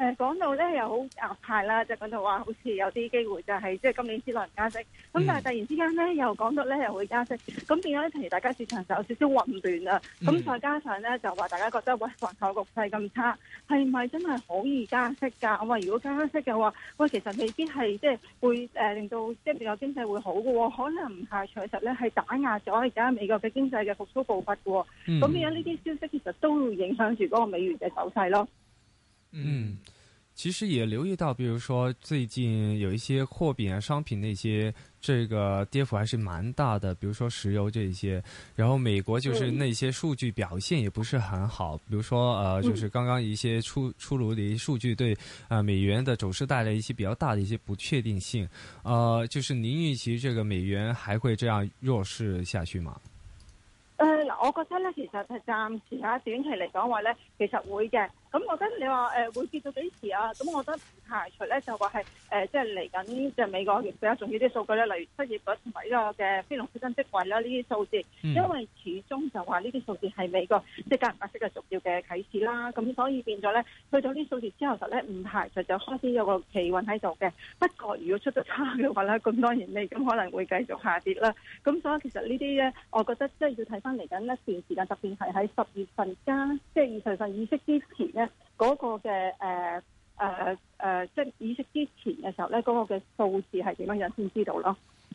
誒講到咧又好硬派啦，就係講到話好似有啲機會就係即係今年先落加息，咁、嗯、但係突然之間咧又講到咧又會加息，咁變咗一陣，大家市場就有少少混亂啦。咁、嗯、再加上咧就話大家覺得喂，全球局勢咁差，係咪真係好易加息㗎？我話如果加息嘅話，喂其實未必係即係會誒、呃、令到即係美國經濟會好嘅喎、哦，可能下取實咧係打壓咗而家美國嘅經濟嘅復甦步伐嘅喎、哦。咁變咗呢啲消息其實都會影響住嗰個美元嘅走勢咯。嗯。其實也留意到，比如說最近有一些貨幣啊、商品那些這個跌幅還是蠻大的，比如說石油這些。然後美國就是那些數據表現也不是很好，比如說呃，就是剛剛一些出出爐的一些數據，對啊、呃，美元的走勢帶來一些比較大的一些不確定性。呃，就是您預期這個美元還會這樣弱勢下去嗎？呃，我覺得呢，其實係暫時啊，短期來講話呢，其實會嘅。咁我覺得你話誒會跌到幾時啊？咁我覺得唔排除咧，就話係誒即係嚟緊即係美國比較重要啲數據咧，例如失業率同埋呢個嘅非農新增職位啦，呢啲數字。因為始終就話呢啲數字係美國即係加唔加息嘅重要嘅啟示啦。咁所以變咗咧，去到呢啲數字之後，實咧唔排除就開始有個企穩喺度嘅。不過如果出得差嘅話咧，咁當然你咁可能會繼續下跌啦。咁所以其實呢啲咧，我覺得即係要睇翻嚟緊一段時間，特別係喺十月份加即係二月份議息之前嗰個嘅誒誒誒，即係意識之前嘅時候咧，嗰、那個嘅數字係點樣樣先知道咯。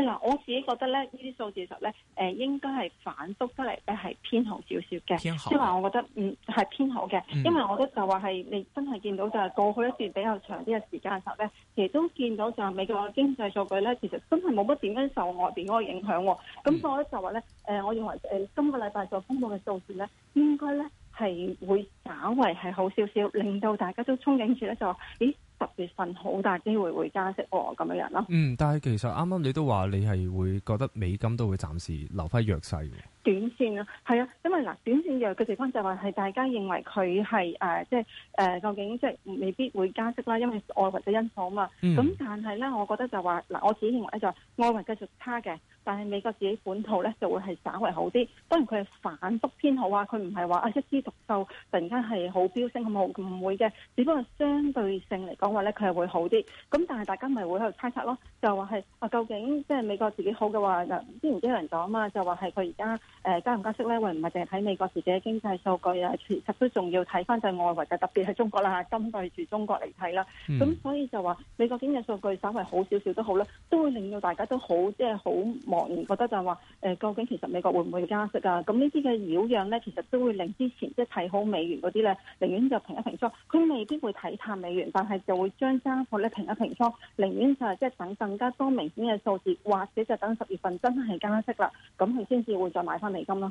嗱、嗯，我自己覺得咧，呢啲數字實咧，誒、呃、應該係反覆出嚟咧，係偏好少少嘅，偏好？即係話我覺得嗯係偏好嘅，因為我都就話係你真係見到就係過去一段比較長啲嘅時間時候咧，其實都見到就係美國經濟數據咧，其實真係冇乜點樣受外邊嗰個影響喎，咁所以我咧就話咧，我認為、呃呃、今個禮拜做公布嘅數字咧，應該咧係會稍微係好少少，令到大家都憧憬住咧就話，咦？月份好大機會會加息喎，咁樣樣咯。嗯，但係其實啱啱你都話你係會覺得美金都會暫時留翻弱勢嘅。短線啊。係啊，因為嗱，短線弱嘅地方就係話係大家認為佢係誒，即係誒、呃，究竟即係未必會加息啦，因為外圍嘅因素啊嘛。嗯。咁但係咧，我覺得就話嗱，我自己認為咧就外圍繼續差嘅。但係美國自己本土咧就會係稍為好啲，當然佢係反覆偏好啊，佢唔係話啊一枝獨秀，突然間係好飆升咁好，唔會嘅。只不過相對性嚟講話咧，佢係會好啲。咁但係大家咪會去猜測咯，就話係啊究竟即係美國自己好嘅話，之前都有人講啊嘛，就話係佢而家誒加唔加息咧，會唔係淨係睇美國自己嘅經濟數據啊，其實都仲要睇翻就係外圍嘅，特別係中國啦，針對住中國嚟睇啦。咁、嗯、所以就話美國經濟數據稍微好少少都好啦，都會令到大家都好即係好，茫然覺得就係話誒、欸，究竟其實美國會唔會加息啊？咁呢啲嘅擾攘呢，其實都會令之前即係睇好美元嗰啲呢，寧願就平一平倉。佢未必會睇淡美元，但係就會將加貨呢平一平倉，寧願就係即係等更加多明顯嘅數字，或者就等十月份真係加息啦，咁佢先至會再買返美金咯。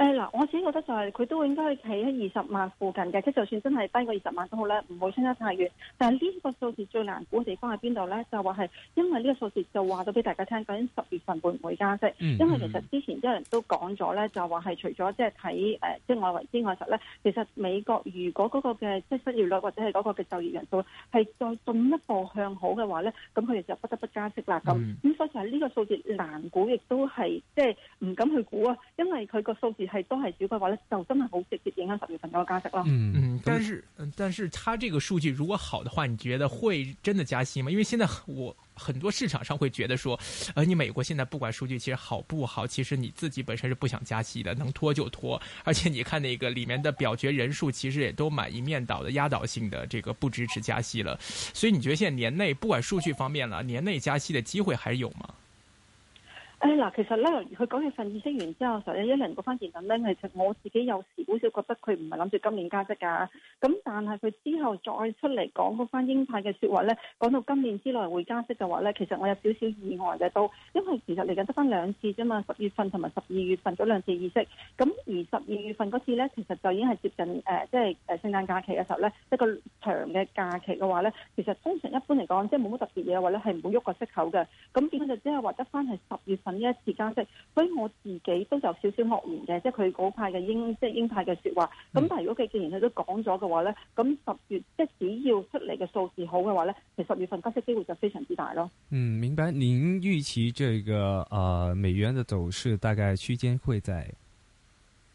誒嗱、哎，我自己覺得就係佢都會應該企喺二十萬附近嘅，即係就算真係低過二十萬都好咧，唔好相差太遠。但係呢個數字最難估嘅地方喺邊度咧？就話係因為呢個數字就話咗俾大家聽，究竟十月份會唔會加息？嗯、因為其實之前有人都講咗咧，就話係除咗即係睇誒即係外圍之外，實咧其實美國如果嗰個嘅即係失業率或者係嗰個嘅就業人數係再進一步向好嘅話咧，咁佢哋就不得不加息啦。咁咁、嗯、所以就係呢個數字難估，亦都係即係唔敢去估啊，因為佢個數字，係都係小嘅話咧，就真係好直接影響十月份嗰個加息咯。嗯嗯，但是，嗯，但是他這個數據如果好的話，你覺得會真的加息嗎？因為現在我很多市場上會覺得說，呃，你美國現在不管數據其實好不好，其實你自己本身是不想加息的，能拖就拖。而且你看那個裡面的表決人數，其實也都蠻一面倒的，壓倒性的這個不支持加息了。所以你覺得現在年內不管數據方面啦，年內加息的機會還有嗎？誒嗱、哎，其實咧，佢九月份意識完之後嘅時候咧，一人講翻結論咧，係其實我自己有時好少覺得佢唔係諗住今年加息㗎。咁但係佢之後再出嚟講嗰翻鷹派嘅説話咧，講到今年之內會加息嘅話咧，其實我有少少意外嘅都，因為其實嚟緊得翻兩次啫嘛，十月份同埋十二月份嗰兩次意識。咁而十二月份嗰次咧，其實就已經係接近誒，即係誒聖誕假期嘅時候咧，即係、一個長嘅假期嘅話咧，其實通常一般嚟講，即係冇乜特別嘢嘅話咧，係唔會喐個息口嘅。咁變咗就只係話得翻係十月份。呢一次加息，所以我自己都有少少愕然嘅，即係佢嗰派嘅鷹，即係鷹派嘅說話。咁但係如果佢既然佢都講咗嘅話咧，咁十月即係只要出嚟嘅數字好嘅話咧，其實十月份加息機會就非常之大咯。嗯，明白。您預期這個誒、呃、美元嘅走勢大概區間會在？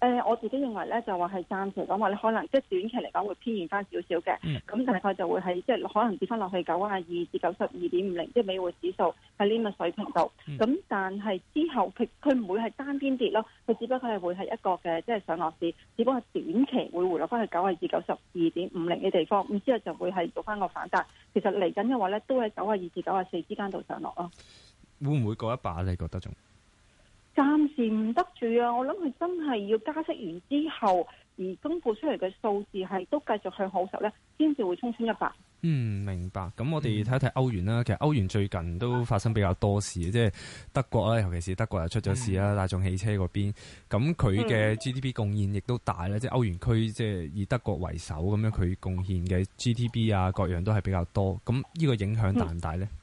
誒、呃，我自己認為咧，就話係暫時講話你可能即係短期嚟講會偏移翻少少嘅，咁、嗯、大概就會係即係可能跌翻落去九啊二至九十二點五零，即係美匯指數喺呢個水平度。咁、嗯、但係之後佢佢唔會係單邊跌咯，佢只不過係會係一個嘅即係上落市，只不過係短期會回落翻去九啊二至九十二點五零嘅地方，咁之後就會係做翻個反彈。其實嚟緊嘅話咧，都係九啊二至九啊四之間度上落咯。會唔會過一把你覺得仲？暫時唔得住啊！我諗佢真係要加息完之後而公佈出嚟嘅數字係都繼續向好實咧，先至會衝穿一百。嗯，明白。咁我哋睇一睇歐元啦。嗯、其實歐元最近都發生比較多事，即係德國咧，尤其是德國又出咗事啦，嗯、大眾汽車嗰邊。咁佢嘅 GDP 貢獻亦都大咧，即係歐元區即係以德國為首咁樣，佢貢獻嘅 GDP 啊，各樣都係比較多。咁呢個影響大唔大咧？嗯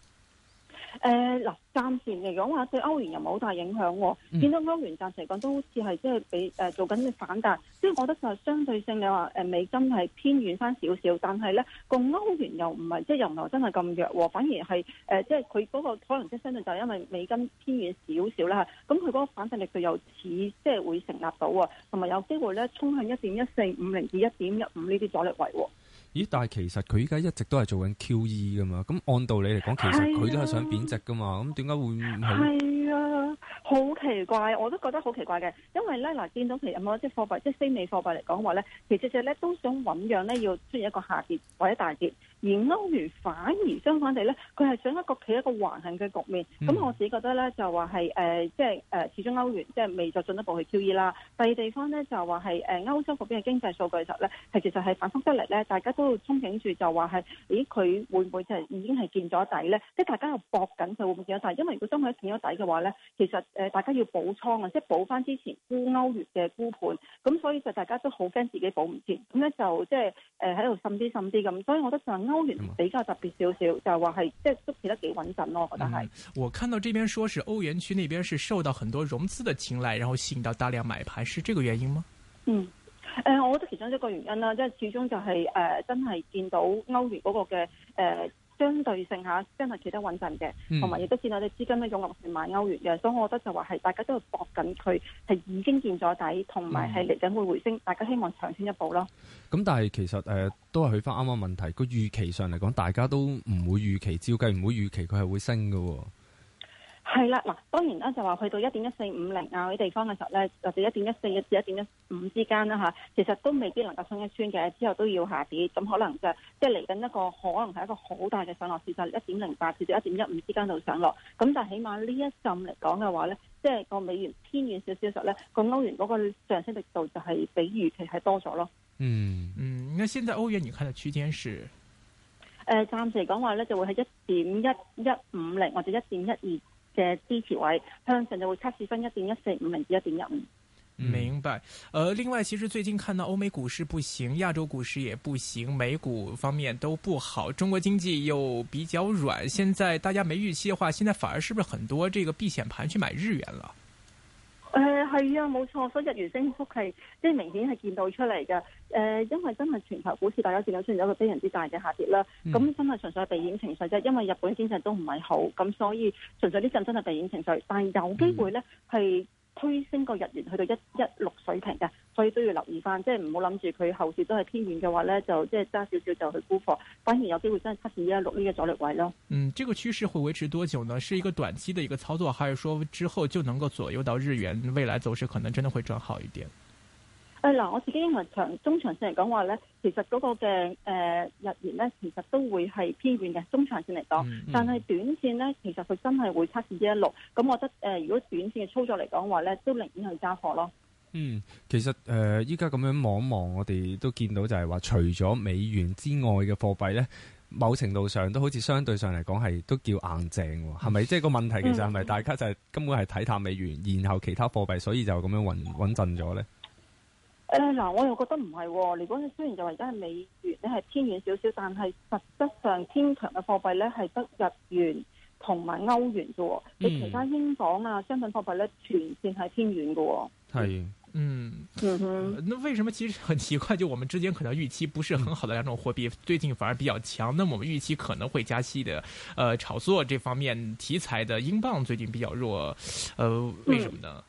誒嗱、呃，暫時嚟講話對歐元又冇好大影響喎，見到、嗯、歐元暫時嚟講都好似係即係俾誒做緊嘅反彈，即係我覺得就係相對性嘅話誒、呃、美金係偏遠翻少少，但係咧個歐元又唔係即又唔係真係咁弱喎，反而係誒、呃、即係佢嗰個可能即係相對就係因為美金偏遠少少啦，咁佢嗰個反彈力佢又似即係會成立到喎，同埋有機會咧衝向一點一四五零至一點一五呢啲阻力位喎。呃咦！但係其實佢依家一直都係做緊 QE 噶嘛，咁按道理嚟講，其實佢都係想貶值噶嘛，咁點解會唔係？係啊，好、啊、奇怪，我都覺得好奇怪嘅，因為咧嗱，見到其實冇一啲貨幣，即係非美貨幣嚟講話咧，其實隻咧都想醞釀咧要出現一個下跌或者大跌。而歐元反而相反地咧，佢係想一個企一個橫行嘅局面。咁、嗯、我自己覺得咧，就話係誒，即係誒，始終歐元即係未再進一步去 QE 啦。第二個地方咧，就話係誒歐洲嗰邊嘅經濟數據實咧，係其實係反覆得嚟咧。大家都憧憬住就話係，咦佢會唔會就係已經係見咗底咧？即係大家又搏緊佢會唔會見咗底？因為如果當佢見咗底嘅話咧，其實誒大家要補倉啊，即係補翻之前沽歐元嘅沽盤。咁所以就大家都好驚自己補唔切，咁咧就即係誒喺度滲啲滲啲咁。所以我覺得就歐元比較特別少少，就係話係即係都企得幾穩陣咯，我覺得係、嗯。我看到這邊說是歐元區那邊是受到很多融資的青睞，然後吸引到大量買盤，是這個原因嗎？嗯，誒，我覺得其中一個原因啦，即係始終就係、是、誒、呃，真係見到歐元嗰個嘅誒。呃相對性下，真係企得穩陣嘅，同埋亦都見到啲資金咧用入成萬歐元嘅，所以我覺得就話係大家都係搏緊佢係已經見咗底，同埋係嚟緊會回升，大家希望搶先一步咯。咁、嗯嗯、但係其實誒，都係去翻啱啱問題，個預期上嚟講，大家都唔會預期照計，唔會預期佢係會升㗎喎。係啦，嗱，當然啦，就話去到一點一四五零啊啲地方嘅時候咧，或者一點一四至一點一五之間啦吓，其實都未必能夠升一穿嘅，之後都要下跌，咁可能就即係嚟緊一個可能係一個好大嘅上落市，就一點零八至到一點一五之間度上落，咁但係起碼呢一陣嚟講嘅話咧，即係個美元偏軟少少嘅時候咧，個歐元嗰個上升力度就係比預期係多咗咯、嗯。嗯嗯，咁現在歐元而看嘅區間是？誒、呃，暫時嚟講話咧，就會喺一點一一五零或者一點一二。嘅支持位向上就會測試返一點一四五，甚至一點一五。明白。呃，另外，其實最近看到歐美股市不行，亞洲股市也不行，美股方面都不好，中國經濟又比較軟。現在大家沒預期的話，現在反而是不是很多這個避險盤去買日元了？係啊，冇錯，所以日元升幅係即係明顯係見到出嚟嘅。誒、呃，因為真係全球股市大家見到出現咗個非常之大嘅下跌啦。咁、嗯、真係純粹係避險情緒啫，因為日本經濟都唔係好。咁所以純粹呢陣真係避險情緒，但係有機會呢，係。推升個日元去到一一六水平嘅，所以都要留意翻，即係唔好諗住佢後市都係偏軟嘅話咧，就即係揸少少就去沽貨，反而有機會真係測試一一六呢個阻力位咯。嗯，這個趨勢會維持多久呢？是一個短期的一個操作，還是說之後就能夠左右到日元未來走勢，可能真的會轉好一點？誒，嗱、哎，我自己認為長中長線嚟講話咧，其實嗰個嘅，誒、呃、日元咧，其實都會係偏軟嘅。中長線嚟講，嗯嗯、但係短線咧，其實佢真係會測試一一六。咁，我覺得誒、呃，如果短線嘅操作嚟講話咧，都寧願去揸貨咯。嗯，其實誒，依家咁樣望一望，我哋都見到就係話，除咗美元之外嘅貨幣咧，某程度上都好似相對上嚟講係都叫硬淨，係咪？即係、嗯、個問題，其實係咪大家就係、是嗯、根本係睇淡美元，然後其他貨幣，所以就咁樣穩穩陣咗咧？誒，嗱，我又覺得唔係，你講，雖然就而家係美元，你係偏遠少少，但係實質上偏強嘅貨幣咧係得日元同埋歐元啫，你其他英鎊啊，商品貨幣咧全線係偏遠嘅。係、嗯，嗯，嗯哼。那為什麼其實很奇怪，就我們之間可能預期不是很好的兩種貨幣，最近反而比較強？那麼我們預期可能會加息的，誒、呃，炒作這方面題材的英鎊最近比較弱，呃，為什麼呢？嗯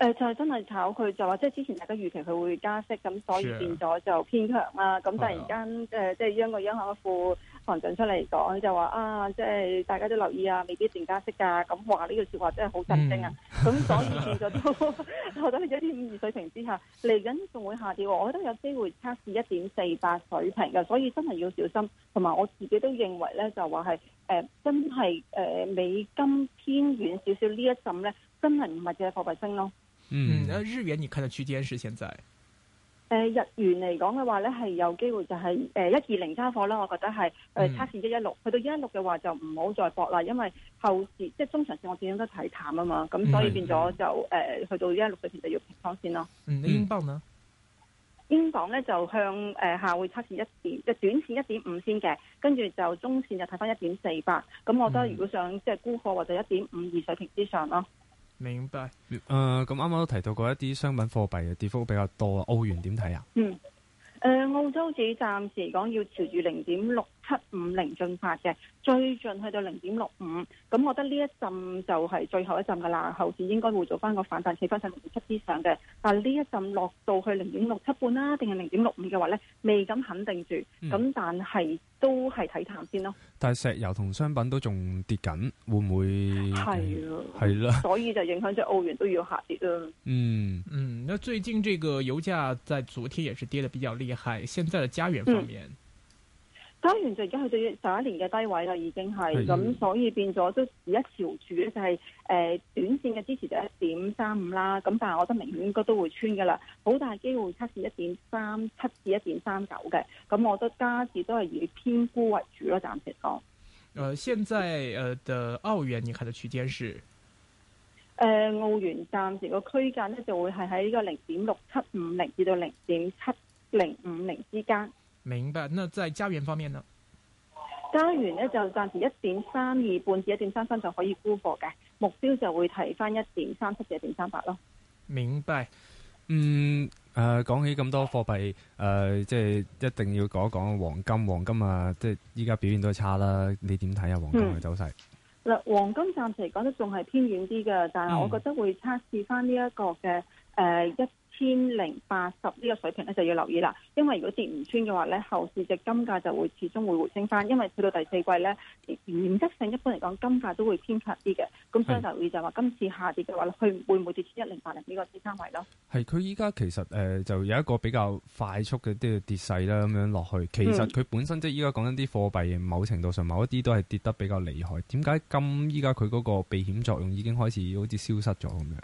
誒就係真係炒佢，就話即係之前大家預期佢會加息，咁所以變咗就偏強啦，啊。咁、啊、突然間即係央國央行一副行長出嚟講，就話啊，即、就、係、是、大家都留意啊，未必定加息啊。咁話呢句說話真係好震驚啊！咁、嗯、所以變咗都留低咗啲五二水平之下，嚟緊仲會下跌喎。我覺得有機會測試一點四八水平嘅，所以真係要小心。同埋我自己都認為咧，就話係誒真係誒、呃、美金偏軟少少呢一陣咧，真係唔係只係貨幣升咯。嗯，那日元你看的區間是現在？誒，日元嚟講嘅話咧，係有機會就係誒一二零加火啦，我覺得係誒測試一一六，去、呃、到一一六嘅話就唔好再搏啦，因為後市即係中長線我始終都睇淡啊嘛，咁、嗯、所以變咗就誒去、嗯呃、到一一六嘅前就要平倉先咯。嗯，英鎊呢？英鎊咧就向誒、呃、下會測試一點，即係短線一點五先嘅，跟住就中線就睇翻一點四八，咁我覺得如果想、嗯、即係沽貨或者一點五二水平之上咯。明白。誒，咁啱啱都提到過一啲商品貨幣嘅跌幅比較多啊，澳元點睇啊？嗯，誒、嗯。嗯嗯澳洲只暫時嚟講要朝住零點六七五零進發嘅，最盡去到零點六五，咁我覺得呢一陣就係最後一陣噶啦，後市應該會做翻個反彈企翻上零點七之上嘅。但呢一陣落到去零點六七半啦，定係零點六五嘅話咧，未敢肯定住，咁但係都係睇淡先咯。嗯、但係石油同商品都仲跌緊，會唔會係啊？係啦，所以就影響咗澳元都要下跌啊。嗯嗯，那最近這個油價在昨天也是跌得比較厲害。現在嘅加元方面，嗯、加元就而家去到上一年嘅低位啦，已經係咁，嗯、所以變咗都一朝主，咧，就係、是、誒、呃、短線嘅支持就一點三五啦。咁但係我覺得明顯應該都會穿噶啦，好大機會測試一點三七至一點三九嘅。咁我覺得加字都係以偏沽為主咯，暫時講。誒、呃，現在誒的澳元你看,看、呃、的區間是誒澳元暫時個區間呢就會係喺呢個零點六七五零至到零點七。零五零之間，明白。那在加元方面呢？加元咧就暫時一點三二半至一點三三就可以沽破嘅目標，就會提翻一點三七至一點三八咯。明白。嗯，誒、呃，講起咁多貨幣，誒、呃，即係一定要講一講黃金。黃金啊，即係依家表現都差啦。你點睇啊？黃金嘅走勢？嗱、嗯呃，黃金暫時嚟講咧，仲係偏軟啲嘅，但係我覺得會測試翻呢一個嘅。誒，一千零八十呢個水平咧就要留意啦，因為如果跌唔穿嘅話咧，後市隻金價就會始終會回升翻，因為去到第四季咧，原則性一般嚟講金價都會偏強啲嘅，咁所以就留意就話今次下跌嘅話，佢會唔會跌穿一零八零呢個支撐位咯？係，佢依家其實誒、呃、就有一個比較快速嘅啲跌勢啦，咁樣落去。其實佢本身即係依家講緊啲貨幣，某程度上某一啲都係跌得比較厲害。點解金依家佢嗰個避險作用已經開始好似消失咗咁樣？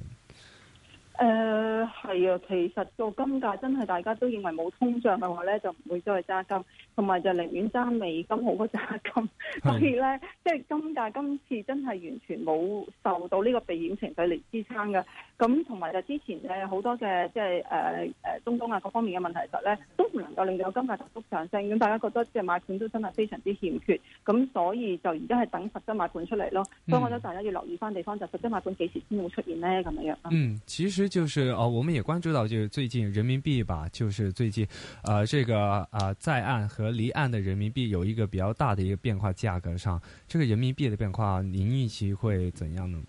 係啊，其實個金價真係大家都認為冇通脹嘅話咧，就唔會再揸金，同埋就寧願揸美金好過揸金。 所以咧，即、就、係、是、金價今次真係完全冇受到呢個避險情緒嚟支撐嘅。咁同埋就之前誒好多嘅即係誒誒中東啊各方面嘅問題實咧，都唔能夠令到金價大幅上升。咁大家覺得即係買盤都真係非常之欠缺。咁所以就而家係等實質買盤出嚟咯。嗯、所以我覺得大家要留意翻地方就實質買盤幾時先會出現咧咁樣樣。嗯，其實就係啊、哦，我們也也關注到，就是最近人民幣吧，就是最近，呃，這個啊、呃、在岸和離岸的人民幣有一個比較大的一個變化，價格上，這個人民幣的變化，您預期會怎樣呢？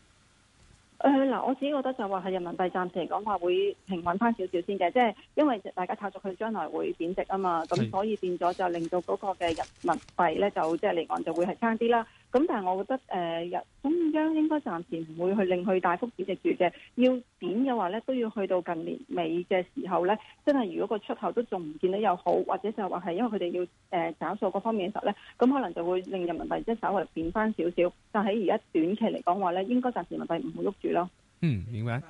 誒嗱、呃，我自己覺得就話係人民幣暫時嚟講話會平穩翻少少先嘅，即、就、係、是、因為大家炒作佢將來會貶值啊嘛，咁是所以變咗就令到嗰個嘅人民幣咧就即係、就是、離岸就會係差啲啦。咁但係我覺得誒日、呃咁樣應該暫時唔會去令佢大幅跌跌住嘅，要點嘅話呢，都要去到近年尾嘅時候呢。真係如果個出口都仲唔見得又好，或者就話係因為佢哋要誒找數各方面嘅時候呢，咁可能就會令人民幣即係稍微變翻少少。但喺而家短期嚟講話呢，應該暫時人民幣唔會喐住咯。嗯，明白，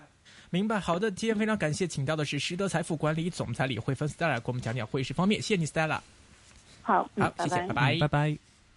明白。好的，今天非常感謝請到的是時德財富管理總裁李慧芬 Stella，跟我們講講匯市方面。謝謝你 Stella。好，好，謝謝，拜拜，拜拜。